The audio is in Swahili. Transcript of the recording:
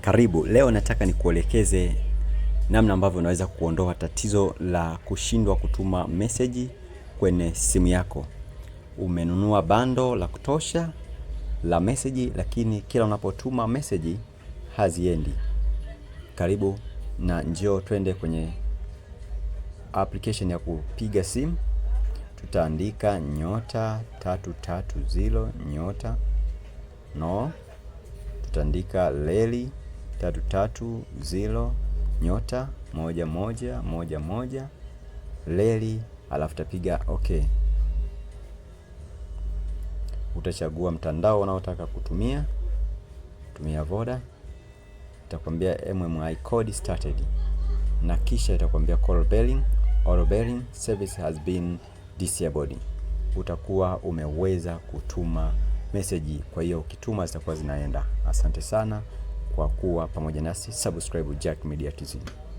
Karibu, leo nataka nikuelekeze namna ambavyo unaweza kuondoa tatizo la kushindwa kutuma meseji kwenye simu yako. Umenunua bando la kutosha la meseji, lakini kila unapotuma meseji haziendi. Karibu na njoo twende kwenye application ya kupiga simu, tutaandika nyota tatu tatu zilo nyota no, tutaandika leli tatu tatu nyota moja moja moja moja leli, alafu tapiga ok Utachagua mtandao unaotaka kutumia, tumia Voda, itakwambia MMI code started, na kisha itakwambia call bearing or bearing service has been disabled. Utakuwa umeweza kutuma meseji, kwa hiyo ukituma zitakuwa zinaenda. Asante sana kwa kuwa pamoja nasi. Subscribe Jack Media TZ.